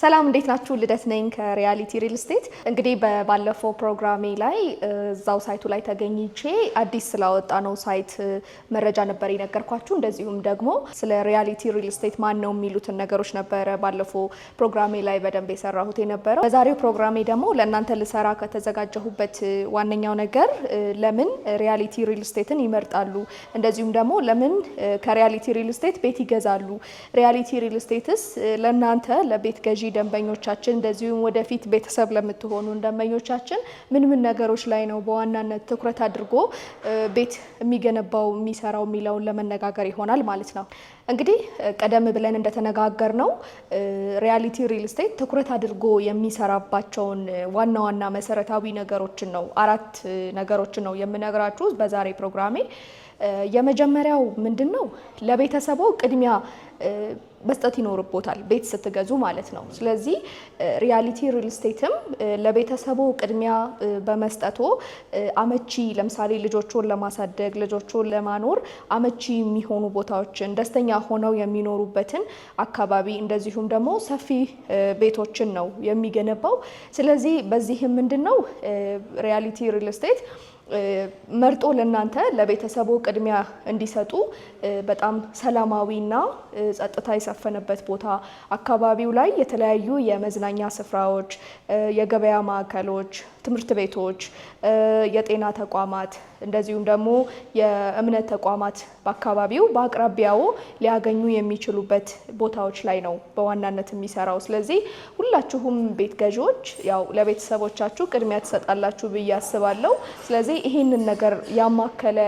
ሰላም እንዴት ናችሁ? ልደት ነኝ ከሪያሊቲ ሪል ስቴት። እንግዲህ በባለፈው ፕሮግራሜ ላይ እዛው ሳይቱ ላይ ተገኝቼ አዲስ ስላወጣ ነው ሳይት መረጃ ነበር የነገርኳችሁ። እንደዚሁም ደግሞ ስለ ሪያሊቲ ሪል ስቴት ማን ነው የሚሉትን ነገሮች ነበረ ባለፈው ፕሮግራሜ ላይ በደንብ የሰራሁት የነበረው። በዛሬው ፕሮግራሜ ደግሞ ለእናንተ ልሰራ ከተዘጋጀሁበት ዋነኛው ነገር ለምን ሪያሊቲ ሪል ስቴትን ይመርጣሉ፣ እንደዚሁም ደግሞ ለምን ከሪያሊቲ ሪል ስቴት ቤት ይገዛሉ፣ ሪያሊቲ ሪል ስቴትስ ለእናንተ ለቤት ገዢ ለግዢ ደንበኞቻችን እንደዚሁም ወደፊት ቤተሰብ ለምትሆኑ ደንበኞቻችን ምን ምን ነገሮች ላይ ነው በዋናነት ትኩረት አድርጎ ቤት የሚገነባው የሚሰራው የሚለውን ለመነጋገር ይሆናል ማለት ነው። እንግዲህ ቀደም ብለን እንደተነጋገር ነው ሪያሊቲ ሪል ስቴት ትኩረት አድርጎ የሚሰራባቸውን ዋና ዋና መሰረታዊ ነገሮችን ነው አራት ነገሮችን ነው የምነግራችሁ በዛሬ ፕሮግራሜ። የመጀመሪያው ምንድን ነው? ለቤተሰቦ ቅድሚያ መስጠት ይኖርቦታል፣ ቤት ስትገዙ ማለት ነው። ስለዚህ ሪያሊቲ ሪል ስቴትም ለቤተሰቦ ቅድሚያ በመስጠቶ አመቺ ለምሳሌ ልጆችን ለማሳደግ ልጆችን ለማኖር አመቺ የሚሆኑ ቦታዎችን ደስተኛ ሆነው የሚኖሩበትን አካባቢ እንደዚሁም ደግሞ ሰፊ ቤቶችን ነው የሚገነባው። ስለዚህ በዚህም ምንድን ነው ሪያሊቲ ሪል ስቴት መርጦ ለእናንተ ለቤተሰቡ ቅድሚያ እንዲሰጡ በጣም ሰላማዊና ጸጥታ የሰፈነበት ቦታ አካባቢው ላይ የተለያዩ የመዝናኛ ስፍራዎች፣ የገበያ ማዕከሎች ትምህርት ቤቶች፣ የጤና ተቋማት እንደዚሁም ደግሞ የእምነት ተቋማት በአካባቢው በአቅራቢያው ሊያገኙ የሚችሉበት ቦታዎች ላይ ነው በዋናነት የሚሰራው። ስለዚህ ሁላችሁም ቤት ገዢዎች ያው ለቤተሰቦቻችሁ ቅድሚያ ትሰጣላችሁ ብዬ አስባለሁ። ስለዚህ ይህንን ነገር ያማከለ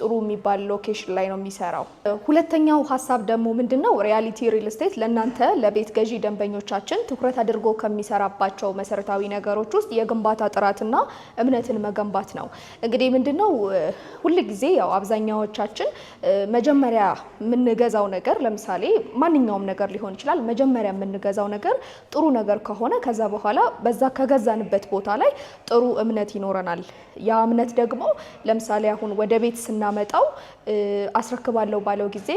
ጥሩ የሚባል ሎኬሽን ላይ ነው የሚሰራው። ሁለተኛው ሀሳብ ደግሞ ምንድን ነው? ሪያሊቲ ሪል ስቴት ለእናንተ ለቤት ገዢ ደንበኞቻችን ትኩረት አድርጎ ከሚሰራባቸው መሰረታዊ ነገሮች ውስጥ የግንባታ የግንባታ ጥራትና እምነትን መገንባት ነው። እንግዲህ ምንድነው ሁል ጊዜ ያው አብዛኛዎቻችን መጀመሪያ የምንገዛው ነገር ለምሳሌ ማንኛውም ነገር ሊሆን ይችላል። መጀመሪያ የምንገዛው ነገር ጥሩ ነገር ከሆነ ከዛ በኋላ በዛ ከገዛንበት ቦታ ላይ ጥሩ እምነት ይኖረናል። ያ እምነት ደግሞ ለምሳሌ አሁን ወደ ቤት ስናመጣው አስረክባለሁ ባለው ጊዜ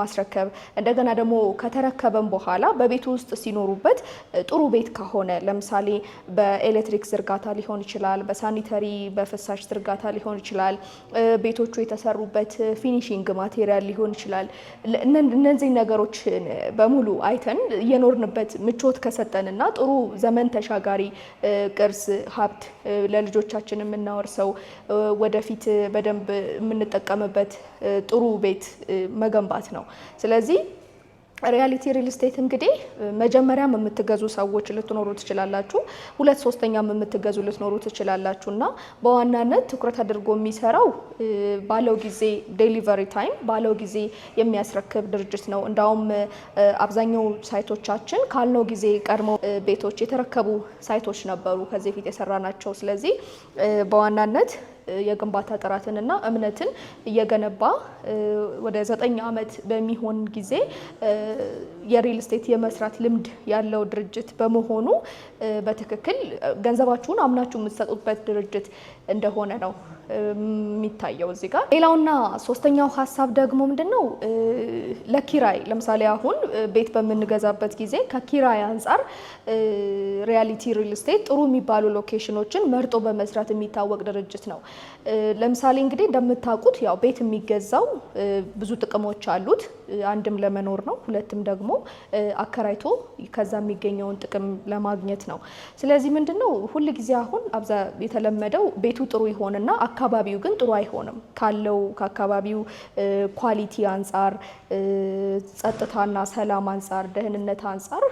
ማስረከብ እንደገና ደግሞ ከተረከበን በኋላ በቤቱ ውስጥ ሲኖሩበት ጥሩ ቤት ከሆነ ለምሳሌ በኤሌክትሪክ ዝርጋታ ዝርጋታ ሊሆን ይችላል፣ በሳኒተሪ በፍሳሽ ዝርጋታ ሊሆን ይችላል፣ ቤቶቹ የተሰሩበት ፊኒሽንግ ማቴሪያል ሊሆን ይችላል። እነዚህ ነገሮች በሙሉ አይተን የኖርንበት ምቾት ና ጥሩ ዘመን ተሻጋሪ ቅርስ ሀብት ለልጆቻችን የምናወርሰው ወደፊት በደንብ የምንጠቀምበት ጥሩ ቤት መገንባት ነው። ስለዚህ ሪያሊቲ ሪል ስቴት እንግዲህ መጀመሪያም የምትገዙ ሰዎች ልትኖሩ ትችላላችሁ፣ ሁለት ሶስተኛም የምትገዙ ልትኖሩ ትችላላችሁ እና በዋናነት ትኩረት አድርጎ የሚሰራው ባለው ጊዜ ዴሊቨሪ ታይም ባለው ጊዜ የሚያስረክብ ድርጅት ነው። እንዳውም አብዛኛው ሳይቶቻችን ካልነው ጊዜ ቀድመው ቤቶች የተረከቡ ሳይቶች ነበሩ ከዚህ ፊት ናቸው። ስለዚህ በዋናነት የግንባታ ጥራትን እና እምነትን እየገነባ ወደ ዘጠኝ ዓመት በሚሆን ጊዜ የሪል ስቴት የመስራት ልምድ ያለው ድርጅት በመሆኑ በትክክል ገንዘባችሁን አምናችሁ የምትሰጡበት ድርጅት እንደሆነ ነው የሚታየው እዚህ ጋር። ሌላውና ሶስተኛው ሀሳብ ደግሞ ምንድን ነው? ለኪራይ ለምሳሌ አሁን ቤት በምንገዛበት ጊዜ ከኪራይ አንጻር ሪያሊቲ ሪል ስቴት ጥሩ የሚባሉ ሎኬሽኖችን መርጦ በመስራት የሚታወቅ ድርጅት ነው። ለምሳሌ እንግዲህ እንደምታውቁት ያው ቤት የሚገዛው ብዙ ጥቅሞች አሉት። አንድም ለመኖር ነው፣ ሁለትም ደግሞ አከራይቶ ከዛ የሚገኘውን ጥቅም ለማግኘት ነው። ስለዚህ ምንድን ነው ሁልጊዜ አሁን አብዛ የተለመደው ቤት ቤቱ ጥሩ ይሆንና አካባቢው ግን ጥሩ አይሆንም። ካለው ከአካባቢው ኳሊቲ አንጻር፣ ጸጥታና ሰላም አንጻር፣ ደህንነት አንጻር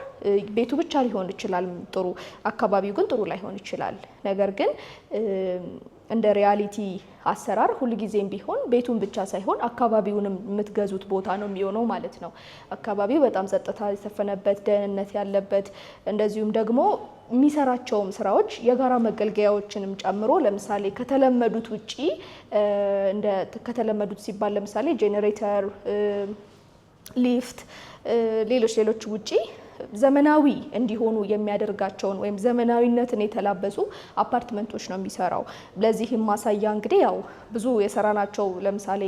ቤቱ ብቻ ሊሆን ይችላል ጥሩ፣ አካባቢው ግን ጥሩ ላይሆን ይችላል። ነገር ግን እንደ ሪያሊቲ አሰራር ሁልጊዜም ቢሆን ቤቱን ብቻ ሳይሆን አካባቢውንም የምትገዙት ቦታ ነው የሚሆነው ማለት ነው። አካባቢው በጣም ጸጥታ የሰፈነበት ደህንነት ያለበት እንደዚሁም ደግሞ የሚሰራቸውም ስራዎች የጋራ መገልገያዎችንም ጨምሮ ለምሳሌ ከተለመዱት ውጪ ከተለመዱት ሲባል ለምሳሌ ጄኔሬተር፣ ሊፍት፣ ሌሎች ሌሎች ውጪ ዘመናዊ እንዲሆኑ የሚያደርጋቸውን ወይም ዘመናዊነትን የተላበሱ አፓርትመንቶች ነው የሚሰራው። ለዚህም ማሳያ እንግዲህ ያው ብዙ የሰራናቸው ለምሳሌ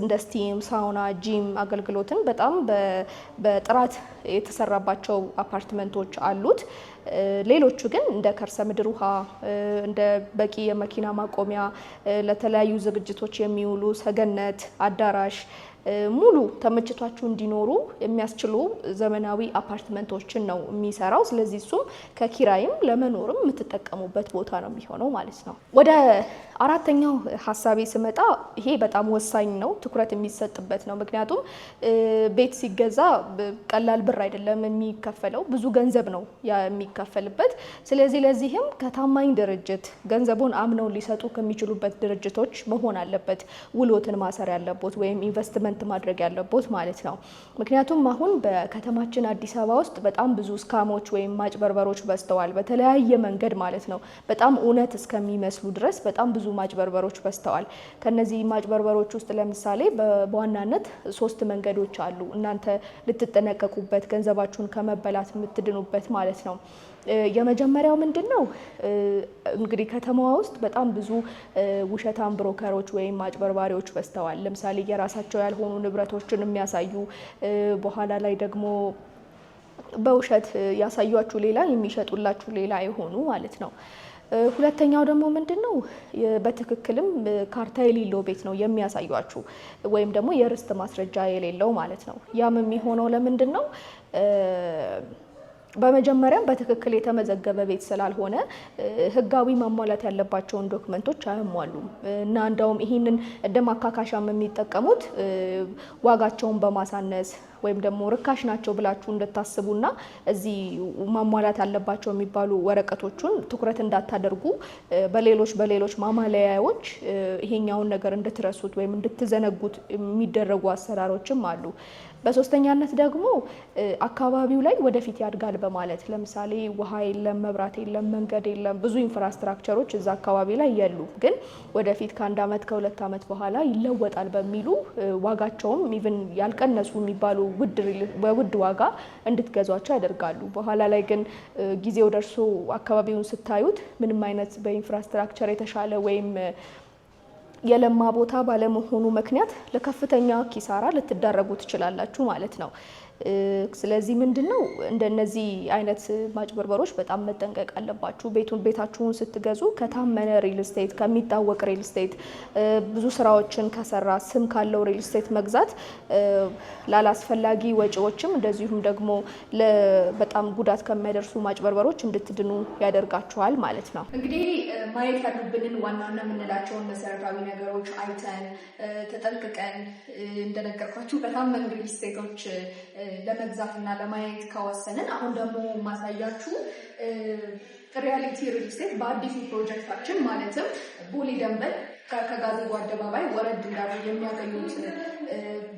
እንደ ስቲም፣ ሳውና፣ ጂም አገልግሎትን በጣም በጥራት የተሰራባቸው አፓርትመንቶች አሉት። ሌሎቹ ግን እንደ ከርሰ ምድር ውሃ፣ እንደ በቂ የመኪና ማቆሚያ፣ ለተለያዩ ዝግጅቶች የሚውሉ ሰገነት፣ አዳራሽ ሙሉ ተመችቷችሁ እንዲኖሩ የሚያስችሉ ዘመናዊ አፓርትመንቶችን ነው የሚሰራው። ስለዚህ እሱም ከኪራይም ለመኖርም የምትጠቀሙበት ቦታ ነው የሚሆነው ማለት ነው። ወደ አራተኛው ሀሳቤ ስመጣ ይሄ በጣም ወሳኝ ነው፣ ትኩረት የሚሰጥበት ነው። ምክንያቱም ቤት ሲገዛ ቀላል ብር አይደለም የሚከፈለው፣ ብዙ ገንዘብ ነው የሚከፈለው የሚካፈልበት። ስለዚህ ለዚህም ከታማኝ ድርጅት ገንዘቡን አምነው ሊሰጡ ከሚችሉበት ድርጅቶች መሆን አለበት ውሎትን ማሰር ያለቦት ወይም ኢንቨስትመንት ማድረግ ያለቦት ማለት ነው። ምክንያቱም አሁን በከተማችን አዲስ አበባ ውስጥ በጣም ብዙ ስካሞች ወይም ማጭበርበሮች በዝተዋል፣ በተለያየ መንገድ ማለት ነው። በጣም እውነት እስከሚመስሉ ድረስ በጣም ብዙ ማጭበርበሮች በዝተዋል። ከነዚህ ማጭበርበሮች ውስጥ ለምሳሌ በዋናነት ሶስት መንገዶች አሉ እናንተ ልትጠነቀቁበት ገንዘባችሁን ከመበላት የምትድኑበት ማለት ነው። የመጀመሪያው ምንድን ነው እንግዲህ ከተማዋ ውስጥ በጣም ብዙ ውሸታም ብሮከሮች ወይም አጭበርባሪዎች በዝተዋል። ለምሳሌ የራሳቸው ያልሆኑ ንብረቶችን የሚያሳዩ በኋላ ላይ ደግሞ በውሸት ያሳያችሁ ሌላ የሚሸጡላችሁ ሌላ የሆኑ ማለት ነው። ሁለተኛው ደግሞ ምንድን ነው በትክክልም ካርታ የሌለው ቤት ነው የሚያሳያችሁ ወይም ደግሞ የርስት ማስረጃ የሌለው ማለት ነው። ያም የሚሆነው ለምንድን ነው በመጀመሪያም በትክክል የተመዘገበ ቤት ስላልሆነ ህጋዊ ማሟላት ያለባቸውን ዶክመንቶች አያሟሉም እና እንደውም ይህንን እንደ ማካካሻም የሚጠቀሙት ዋጋቸውን በማሳነስ ወይም ደግሞ ርካሽ ናቸው ብላችሁ እንደታስቡና እዚህ ማሟላት ያለባቸው የሚባሉ ወረቀቶቹን ትኩረት እንዳታደርጉ በሌሎች በሌሎች ማማለያዎች ይሄኛውን ነገር እንድትረሱት ወይም እንድትዘነጉት የሚደረጉ አሰራሮችም አሉ። በሶስተኛነት ደግሞ አካባቢው ላይ ወደፊት ያድጋል በማለት ለምሳሌ ውሃ የለም፣ መብራት የለም፣ መንገድ የለም፣ ብዙ ኢንፍራስትራክቸሮች እዛ አካባቢ ላይ የሉ ግን ወደፊት ከአንድ ዓመት ከሁለት ዓመት በኋላ ይለወጣል በሚሉ ዋጋቸውም ኢቭን ያልቀነሱ የሚባሉ በውድ ዋጋ እንድትገዟቸው ያደርጋሉ። በኋላ ላይ ግን ጊዜው ደርሶ አካባቢውን ስታዩት ምንም አይነት በኢንፍራስትራክቸር የተሻለ ወይም የለማ ቦታ ባለመሆኑ ምክንያት ለከፍተኛ ኪሳራ ልትዳረጉ ትችላላችሁ ማለት ነው። ስለዚህ ምንድን ነው እንደነዚህ አይነት ማጭበርበሮች በጣም መጠንቀቅ አለባችሁ። ቤቱን ቤታችሁን ስትገዙ ከታመነ ሪል ስቴት፣ ከሚታወቅ ሪል ስቴት፣ ብዙ ስራዎችን ከሰራ ስም ካለው ሪል ስቴት መግዛት ላላስፈላጊ ወጪዎችም እንደዚሁም ደግሞ በጣም ጉዳት ከሚያደርሱ ማጭበርበሮች እንድትድኑ ያደርጋችኋል ማለት ነው። እንግዲህ ማየት ያሉብንን ዋና ዋና የምንላቸውን መሰረታዊ ነገሮች አይተን ተጠንቅቀን እንደነገርኳችሁ በታመኑ ሪል ስቴቶች ለመግዛት እና ለማየት ከወሰንን አሁን ደግሞ ማሳያችሁ ሪያሊቲ ሪል በአዲሱ ፕሮጀክታችን ማለትም ቦሌ ደንበል ከጋዜጎ አደባባይ ወረድ እንዳሉ የሚያገኙት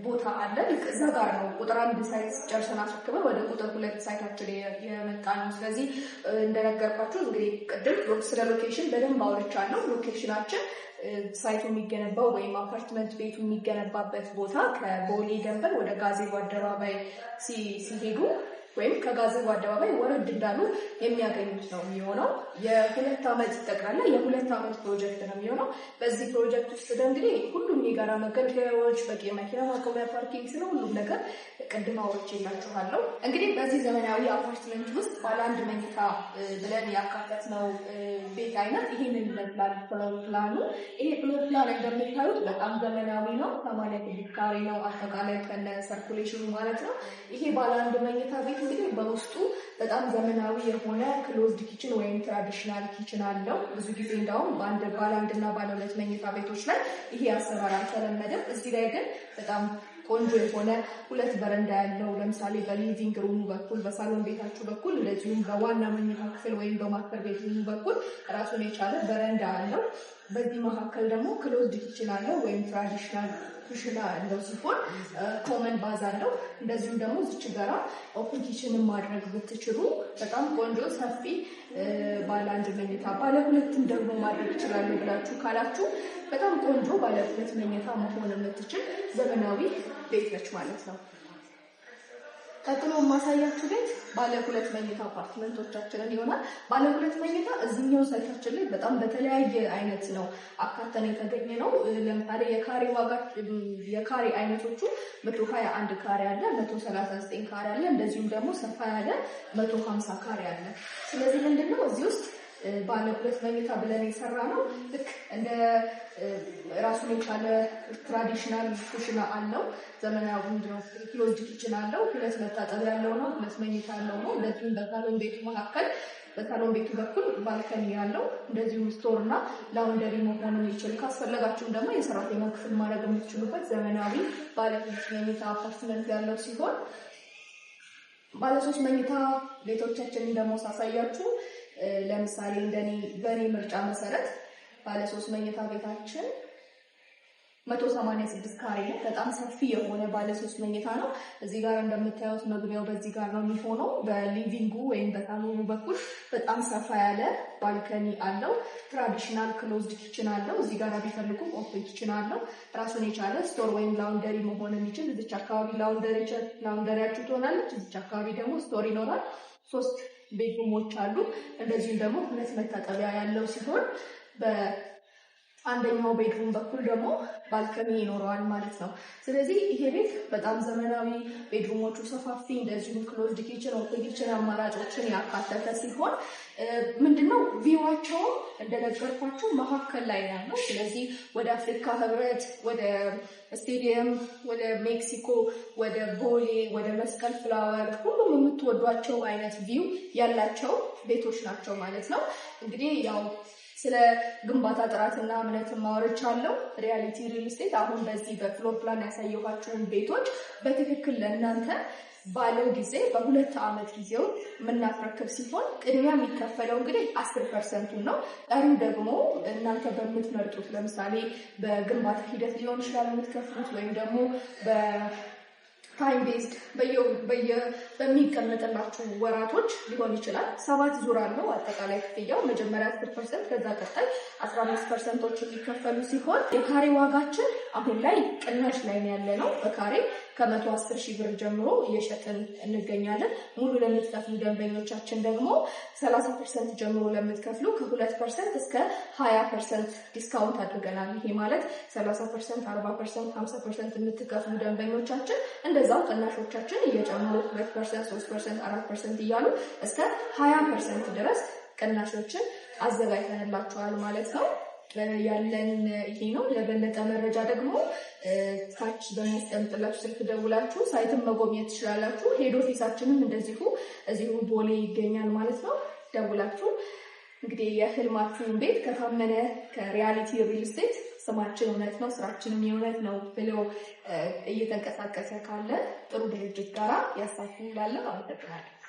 ቦታ አለ። እዛ ጋር ነው ቁጥር አንድ ሳይት ጨርሰን አስረክበን ወደ ቁጥር ሁለት ሳይታችን የመጣ ነው። ስለዚህ እንደነገርኳችሁ እንግዲህ ቅድም ስለ ሎኬሽን በደንብ አውርቻለሁ። ሎኬሽናችን ሳይቱ የሚገነባው ወይም አፓርትመንት ቤቱ የሚገነባበት ቦታ ከቦሌ ደንበር ወደ ጋዜቦ አደባባይ ሲሄዱ ወይም ከጋዜቦ አደባባይ ወረድ እንዳሉ የሚያገኙት ነው የሚሆነው። የሁለት ዓመት ይጠቅላላ የሁለት ዓመት ፕሮጀክት ነው የሚሆነው። በዚህ ፕሮጀክት ውስጥ እንግዲህ ሁሉም የጋራ መገልገያዎች፣ በቂ መኪና ማቆሚያ፣ ፓርኪንግ፣ ስለ ሁሉም ነገር ቅድማዎች አውርቼላችኋለሁ። እንግዲህ በዚህ ዘመናዊ አፓርትመንት ውስጥ ባለ አንድ መኝታ ብለን ያካተት ነው ቤት አይነት ይህንን ይመስላል። ፕሎፕላኑ። ይሄ ፕሎፕላን እንደምታዩት በጣም ዘመናዊ ነው። ሰማንያ ስድስት ካሬ ነው አጠቃላይ ከነ ሰርኩሌሽኑ ማለት ነው። ይሄ ባለ አንድ መኝታ ቤት እንግዲህ በውስጡ በጣም ዘመናዊ የሆነ ክሎዝድ ኪችን ወይም ትራዲሽናል ኪችን አለው። ብዙ ጊዜ እንዲሁም በአንድ ባለ አንድና ባለ ሁለት መኝታ ቤቶች ላይ ይሄ አሰራር አልተለመደም። እዚህ ላይ ግን በጣም ቆንጆ የሆነ ሁለት በረንዳ ያለው ለምሳሌ በሊቪንግ ሩሙ በኩል በሳሎን ቤታችሁ በኩል እንደዚሁም በዋና መኝታ ክፍል ወይም በማስተር ቤት ሩሙ በኩል ራሱን የቻለ በረንዳ አለው። በዚህ መካከል ደግሞ ክሎዝድ ኪችን አለው ወይም ትራዲሽናል ኩሽና ያለው ሲሆን ኮመን ባዝ አለው። እንደዚሁም ደግሞ ዝች ጋራ ኦፕን ኪችንን ማድረግ ብትችሉ በጣም ቆንጆ ሰፊ ባለ አንድ መኝታ ባለ ሁለትም ደግሞ ማድረግ ይችላሉ ብላችሁ ካላችሁ በጣም ቆንጆ ባለ ሁለት መኝታ መሆን የምትችል ዘመናዊ ቤት ነች ማለት ነው። ቀጥሎ የማሳያችሁ ቤት ባለ ሁለት መኝታ አፓርትመንቶቻችንን ይሆናል። ባለ ሁለት መኝታ እዚህኛው ሳይታችን ላይ በጣም በተለያየ አይነት ነው አካተን የተገኘ ነው። ለምሳሌ የካሬ ዋጋ የካሬ አይነቶቹ መቶ ሀያ አንድ ካሬ አለ፣ መቶ ሰላሳ ዘጠኝ ካሬ አለ፣ እንደዚሁም ደግሞ ሰፋ ያለ መቶ ሀምሳ ካሬ አለ። ስለዚህ ምንድነው እዚህ ውስጥ ባለ ሁለት መኝታ ብለን የሰራ ነው ልክ እንደ ራሱን የቻለ ትራዲሽናል ኩሽና አለው። ዘመናዊ ኪሎጅ ኪችን አለው። ሁለት መታጠብ ያለው ነው። ሁለት መኝታ ያለው ነው። እንደዚሁም በሳሎን ቤቱ መካከል በሳሎን ቤቱ በኩል ባልከኒ ያለው እንደዚሁም ስቶር እና ላውንደሪ መሆን የሚችል ካስፈለጋችሁም ደግሞ የሰራተኛ ክፍል ማድረግ የምትችሉበት ዘመናዊ ባለሶስት መኝታ አፓርትመንት ያለው ሲሆን ባለሶስት መኝታ ቤቶቻችን ደግሞ ሳሳያችሁ ለምሳሌ እንደኔ በእኔ ምርጫ መሰረት ባለ ሶስት መኝታ ቤታችን መቶ ሰማንያ ስድስት ካሬ ነው። በጣም ሰፊ የሆነ ባለ ሶስት መኝታ ነው። እዚህ ጋር እንደምታዩት መግቢያው በዚህ ጋር ነው የሚሆነው። በሊቪንጉ ወይም በሳሎኑ በኩል በጣም ሰፋ ያለ ባልከኒ አለው። ትራዲሽናል ክሎዝድ ኪችን አለው። እዚህ ጋር ቢፈልጉም ኦፕን ኪችን አለው። ራሱን የቻለ ስቶር ወይም ላውንደሪ መሆን የሚችል እዚች አካባቢ ላውንደሪያችሁ ትሆናለች። እዚች አካባቢ ደግሞ ስቶር ይኖራል። ሶስት ቤድሩሞች አሉ። እንደዚሁም ደግሞ ሁለት መታጠቢያ ያለው ሲሆን በአንደኛው ቤድሩም በኩል ደግሞ ባልከኒ ይኖረዋል ማለት ነው። ስለዚህ ይሄ ቤት በጣም ዘመናዊ፣ ቤድሩሞቹ ሰፋፊ፣ እንደዚሁም ክሎዝድ ኪችን፣ ኦፕን ኪችን አማራጮችን ያካተተ ሲሆን ምንድነው ቪዋቸውም እንደነገርኳችሁ መካከል ላይ ያለው ስለዚህ ወደ አፍሪካ ህብረት፣ ወደ ስቴዲየም፣ ወደ ሜክሲኮ፣ ወደ ቦሌ፣ ወደ መስቀል ፍላወር ሁሉም የምትወዷቸው አይነት ቪው ያላቸው ቤቶች ናቸው ማለት ነው። እንግዲህ ያው ስለ ግንባታ ጥራትና እምነት ማወረች አለው። ሪያሊቲ ሪል ስቴት አሁን በዚህ በፍሎር ፕላን ያሳየኋቸውን ቤቶች በትክክል ለእናንተ ባለው ጊዜ በሁለት ዓመት ጊዜው የምናስረክብ ሲሆን ቅድሚያ የሚከፈለው እንግዲህ አስር ፐርሰንቱን ነው። ቀሪው ደግሞ እናንተ በምትመርጡት ለምሳሌ በግንባታ ሂደት ሊሆን ይችላል የምትከፍሉት ወይም ደግሞ ታይም ቤዝድ በየ በሚቀመጥላችሁ ወራቶች ሊሆን ይችላል። ሰባት ዙር አለው አጠቃላይ ክፍያው መጀመሪያ አስር ፐርሰንት ከዛ ቀጣይ አስራ አምስት ፐርሰንቶች የሚከፈሉ ሲሆን የካሬ ዋጋችን አሁን ላይ ቅናሽ ላይ ያለ ነው። በካሬ ከመቶ አስር ሺህ ብር ጀምሮ እየሸጥን እንገኛለን። ሙሉ ለምትከፍሉ ደንበኞቻችን ደግሞ ሰላሳ ፐርሰንት ጀምሮ ለምትከፍሉ ከሁለት ፐርሰንት እስከ ሀያ ፐርሰንት ዲስካውንት አድርገናል። ይሄ ማለት ሰላሳ ፐርሰንት፣ አርባ ፐርሰንት፣ ሀምሳ ፐርሰንት የምትከፍሉ ደንበኞቻችን እንደዛው ቅናሾቻችን እየጨመሩ ሁለት ፐርሰንት፣ ሶስት ፐርሰንት፣ አራት ፐርሰንት እያሉ እስከ ሀያ ፐርሰንት ድረስ ቅናሾችን አዘጋጅተንላቸዋል ማለት ነው። ያለን ይሄ ነው። ለበለጠ መረጃ ደግሞ ታች በሚያስቀምጥላችሁ ስልክ ደውላችሁ ሳይትን መጎብኘት ትችላላችሁ። ሄድ ኦፊሳችንም እንደዚሁ እዚሁ ቦሌ ይገኛል ማለት ነው። ደውላችሁ እንግዲህ የህልማችሁን ቤት ከታመነ ከሪያሊቲ ሪል ስቴት ስማችን እውነት ነው ስራችንም የእውነት ነው ብለው እየተንቀሳቀሰ ካለ ጥሩ ድርጅት ጋራ ያሳፉ እንዳለ አመሰግናለሁ።